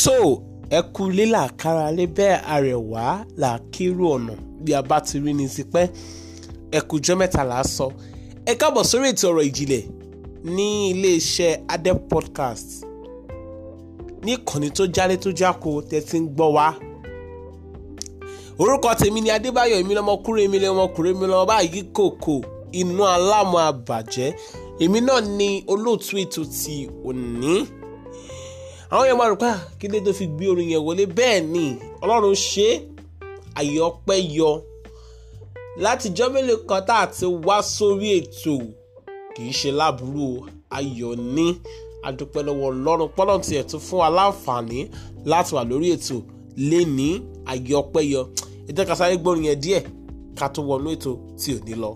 so ẹ kú ilé làkàrà lé bẹ́ẹ̀ àrẹ̀wá làkírú ọ̀nà bí a bá ti rí ni ti pẹ́ ẹ mẹ́ta là á sọ ẹ káàbọ̀ sórí ètò ọ̀rọ̀ ìjìnlẹ̀ ní iléeṣẹ́ adep podcast ní ìkànnì tó jálé tó jáko tẹ́tí ń gbọ́ wá orúkọ tèmi ni adébáyọ̀ èmi lọ́mọkùnrin èmi lọ́mọkùnrin èmi lọ́mọ báyìí kòkò inú alámọ̀ àbàjẹ́ èmi náà ni olóòtú ètò ti òní àwọn yẹn máa rò pé ah, kí lè tó fi gbé orin yẹn wọlé bẹ́ẹ̀ ni ọlọ́run ṣe àyè ọpẹ́ yọ látijọ́ mélòó kan tá a ti wá sórí ètò kì í ṣe láburú ayọ̀ ní adúpẹ́ lọ́wọ́ ọlọ́run pọ́nà tiẹ̀ tún fún wa láti wà lórí ètò lẹ́ni àyè yọ ẹ jẹ́ yẹn díẹ̀ ká tó wọnú ètò tí ò ní lọ.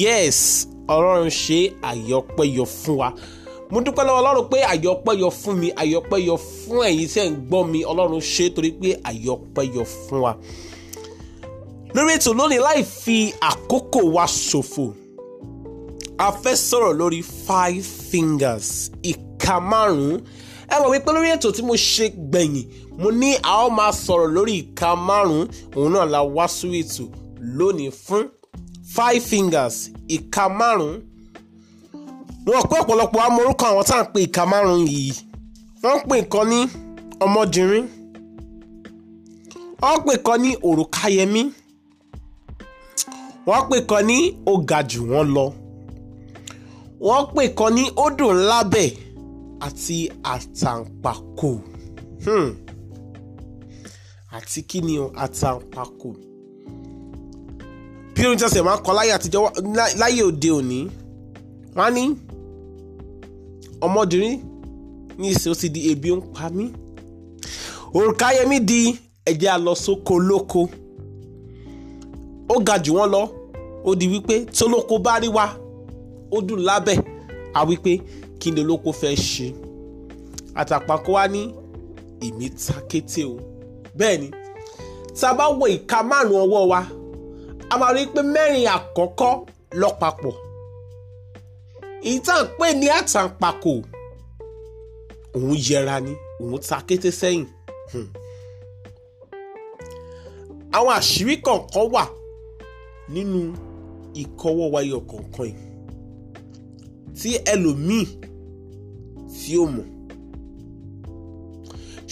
yes ọlọ́run ṣe àyọpẹ́yọ fún wa mo dúpẹ́ lọ́wọ́ ọlọ́run pé àyọpẹ́yọ fún mi àyọpẹ́yọ fún ẹ̀yin tẹ́ ń gbọ́ mi ọlọ́run ṣe torí pé àyọpẹ́yọ fún wa lórí ètò lónìí láì fi àkókò wa ṣòfò a fẹ́ sọ̀rọ̀ lórí five fingers ìka márùn-ún ẹ mọ̀ wípé lórí ètò tí mo ṣe gbẹ̀yìn mo ní a ó máa sọ̀rọ̀ lórí ìka márùn-ún òun náà la wá sí ètò lónìí fún five fingers ìka márùn wọn pé ọ̀pọ̀lọpọ̀ amorúkọ àwọn tá à ń pe ìka márùn yìí wọ́n ń pè kan ní ọmọdìnrín wọ́n pè kan ní òrùkayẹmí wọ́n pè kan ní ó ga wọ́n lọ wọ́n pè kan ní odò ńlábẹ̀ àti àtàǹpàkò hmm. àti kí ni àtàǹpàkò. Hmm bí orin tẹ̀sẹ̀ máa ń kọ láyé àtijọ́ láyé òde òní wọ́n á ní ọmọdúnrín ní ìsìn ó ti di ebi ń pa mí òrùka yẹmí di ẹ̀jẹ̀ àlọ́ sóko lóko ó ga jù wọ́n lọ ó di wípé tólóko bá rí wa ó dùn lábẹ́ a wípé kí ni olóko fẹ́ ṣe àtàpá kó ní èmi o bẹ́ẹ̀ ni tá a bá wo ìka márùn-ún ọwọ́ wa a máa rí i pé mẹ́rin àkọ́kọ́ lọ papọ̀ èyí tá à ń pè ní àtàǹpàkò òun yẹra ni òun ta kété sẹ́yìn hmm. àwọn àṣírí kọ̀ọ̀kan wà nínú ìkọwọ́ wáyé ọ̀kọ̀ọ̀kan yìí tí ẹlòmíì tí ó mọ̀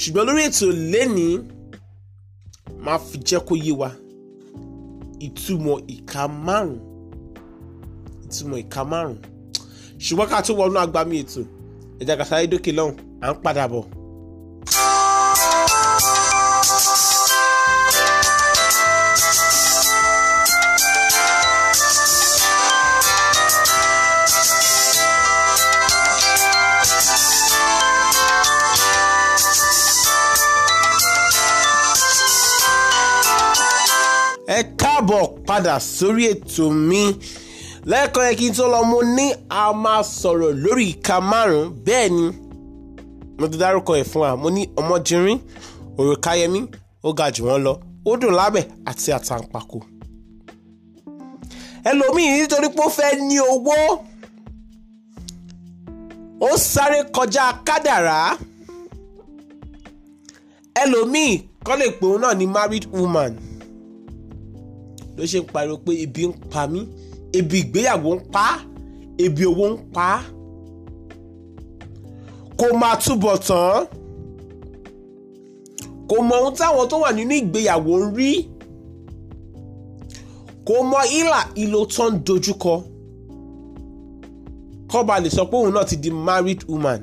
ṣùgbọ́n lórí ètò lẹ́nìí máa fi jẹ́ kó yé wa ìtumọ̀ ìka márùn ìtumọ̀ ìka márùn ṣùgbọ́n ká tó wọnú agbami ètò ẹ̀jẹ̀ kàṣáyé dókè lọ́hùn à ń padà bọ̀. ẹ káàbọ̀ padà sórí ètò mi lẹ́ẹ̀kan yẹn kí n tó lọ mo ní a máa sọ̀rọ̀ lórí ìka márùn-ún bẹ́ẹ̀ ni mo ti dárúkọ ẹ̀ fún wa mo ní ọmọdínrín òrùkayẹmí ó ga jù wọ́n lọ ó dùn lábẹ̀ àti àtàǹpàkò ẹlòmíì nítorí pé ó fẹ́ ní owó ó sáré kọjá kádàrá ẹlòmíì kọ́ lè òun náà ní married woman ló ṣe ń pariwo pé ebi ń pa mí ebi ìgbéyàwó ń pa á ebi owó ń pa á kò máa túbọ̀ tán kò mọ ohun táwọn tó wà nínú ìgbéyàwó ń rí kò mọ ìlà ìlò tó ń dojúkọ kọ́ba lè sọ pé òun náà ti di married woman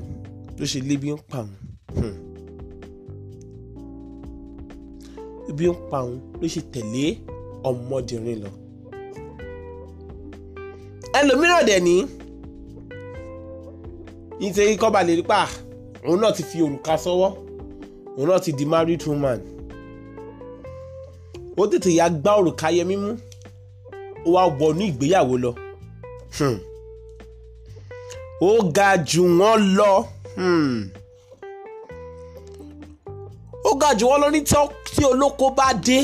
ló ṣe lébi ń pa òun. ibi hmm. ń pa òun ló ṣe tẹ̀lé ọmọdérin lọ ẹlòmíràn dẹ̀ ní nítorí kọ́ba lè rí pa òun náà ti fi òrùka sọ́wọ́ òun náà ti di married woman ó tètè ya gbá òrùka yẹ mímú ó wá wọnú ìgbéyàwó lọ hmm. ó ga jù wọ́n lọ hmm. ó ga jù wọ́n lọ ní tí olóko bá dé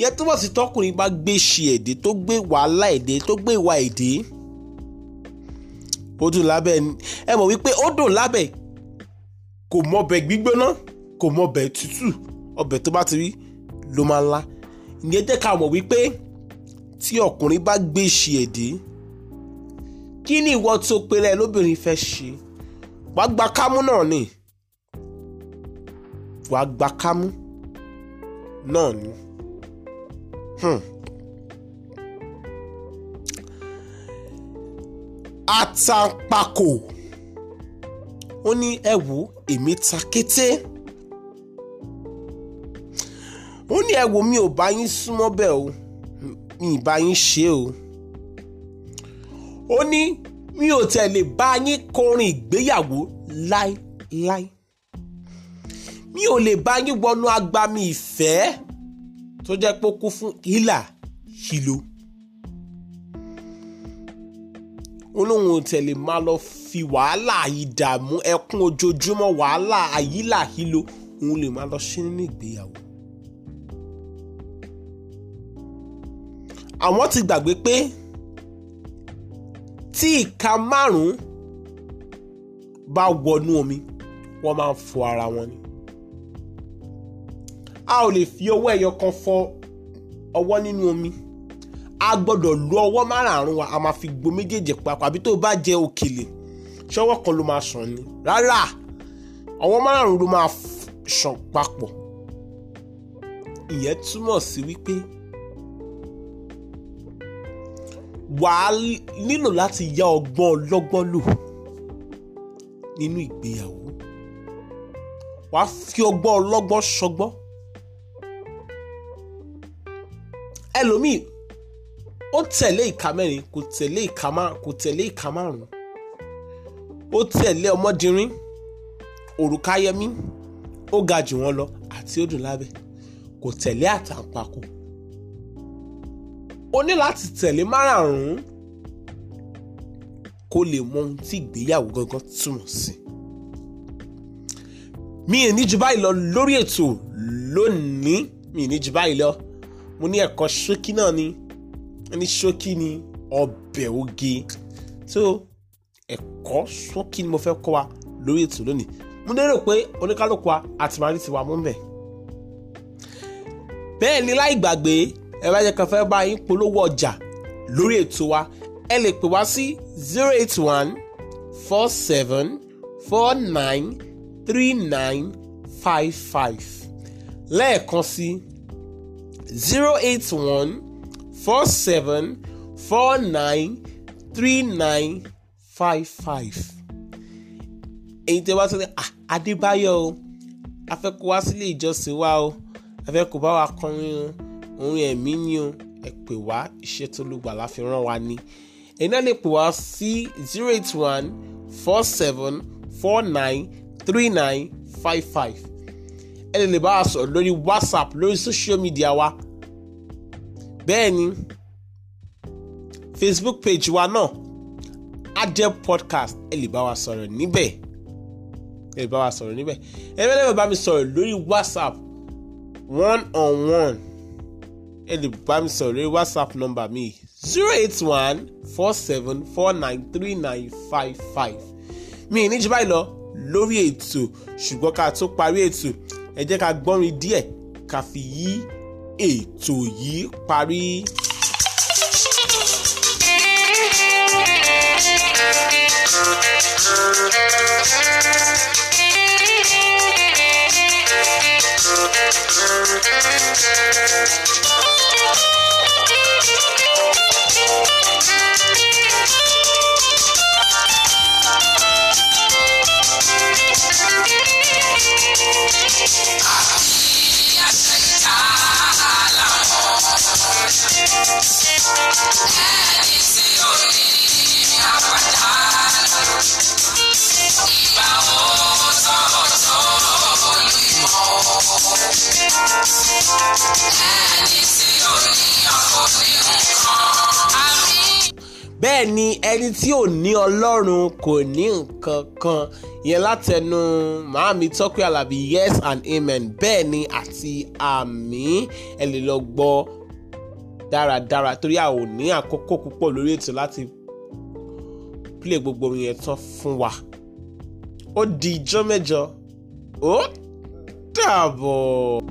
ìyẹn túmọ̀ sí tọkùnrin bá gbé ṣe èdè tó gbé wàhálà èdè tó gbé ìwà èdè ó dùn lábẹ́ ẹ mọ̀ wípé ó dùn lábẹ́ kò mọ ọbẹ̀ gbígbóná kò mọ ọbẹ̀ tútù ọbẹ̀ tó bá ti rí ló máa ń la ìyẹn jẹ́ ká mọ̀ wípé tí ọkùnrin bá gbé ṣe èdè kí ni ìwọ tó pẹ́lẹ́ lóbìnrin fẹ́ ṣe wàá gba kámú náà ni wàá gba kámú náà ni àtàǹpàkò ó ní ẹ wò èmi ta kété ó ní ẹ wò mi ò bá yín súnmọ́ bẹ́ẹ̀ o mi ì bá yín ṣe o ó ní mi ò tẹ̀lé bá yín kọrin ìgbéyàwó láéláé mi ò lè bá yín wọnú agbami ìfẹ́ tó jẹ́ pé ó kún fún hílà ṣìlò ó lóun ò tẹ̀lé máa lọ fi wàhálà ìdààmú ẹkún ojoojúmọ́ wàhálà àyílà hílò òun lè máa lọ sí nínú ìgbéyàwó. àwọn ti gbàgbé pé tí ìka márùn-ún bá wọnú omi wọ́n máa ń fọ ara wọn ni a ò lè fi ọwọ́ ẹyọ kan fọ ọwọ́ nínú omi a gbọ́dọ̀ lo ọwọ́ márààrún wa a máa fi gbo méjèèjì papọ̀ àbí tó bá jẹ òkèlè ṣọwọ́ kan ló máa sàn ni rárá ọwọ́ márààrún ló máa sàn papọ̀ ìyẹn túmọ̀ sí wípé wàá nílò láti yá ọgbọ́n ọlọ́gbọ́n lò nínú ìgbéyàwó wàá fi ọgbọ́n ọlọ́gbọ́n ṣọgbọ́n ẹlòmíì ó tẹ̀lé ìka mẹ́rin kò tẹ̀lé ìka márùn kò tẹ̀lé ìka márùn ó tẹ̀lé ọmọdínrín òrùkáyẹmí ó ga jù wọ́n lọ àti ó dùn lábẹ́ kò tẹ̀lé àtàǹpàkò o ní láti tẹ̀lé márààrún kó lè mọ ohun tí ìgbéyàwó gangan túmọ̀ sí mi ì ní jù báyìí lọ lórí ètò lónìí mi ì ní jù báyìí lọ mo ní ẹ̀kọ́ ṣókí náà ni ní ṣókí ni ọbẹ̀ oge so ẹ̀kọ́ ṣókí ni mo fẹ́ kọ́ wa lórí ètò lónìí mo lérò pé oníkálukú wa àti màrí ti wà mú mẹ́ bẹ́ẹ̀ ni láì gbàgbé ẹ bá jẹ́ kan fẹ́ bá yín polówó ọjà lórí ètò wa ẹ lè pè wá sí zero eight one four seven four nine three nine five five lẹ́ẹ̀kan sí 081 47 49 39 55. èyí tẹ́ wá sọ pé Adébáyọ̀ o a fẹ́ kó wá sílé ìjọsìn wa o a fẹ́ kó bá wa kọrin o orin ẹ̀mí ni o ẹ pè wá iṣẹ́ tó lùgbà la rán wa ni ẹ̀yin náà lè pè wá sí zero eight one four seven four nine three nine five five ẹ lè lè bá wa sọ̀rọ̀ lórí whatsapp lórí social media wa bẹ́ẹ̀ facebook page wa náà ajẹ́ podcast ẹ lè bá wa sọ̀rọ̀ níbẹ̀ ẹ lè bá wa sọ̀rọ̀ níbẹ̀ ẹ bẹ́ẹ̀ bá mi sọ̀rọ̀ lórí whatsapp one on one ẹ lè bá mi sọ̀rọ̀ lórí whatsapp number mi zero eight one four seven four nine three nine five five mi ní jù báyìí lọ lórí ètò ṣùgbọ́n ká tó parí ètò ẹ jẹ́ ká gbọ́rin díẹ̀ ká fi yí ètò yìí parí. Thank you. bẹ́ẹ̀ ni ẹni tí ò ní ọlọ́run kò ní nǹkan kan yẹn látẹnu màámi Tọ́pẹ́ Àlàbí yes and amen bẹ́ẹ̀ ni àti àmín ẹ lè lọ gbọ́ dáradára torí a ò ní àkókò púpọ̀ lórí ètò láti plé gbogbo yẹn tán fún wa ó di ijọ́ mẹ́jọ ó dàbọ̀.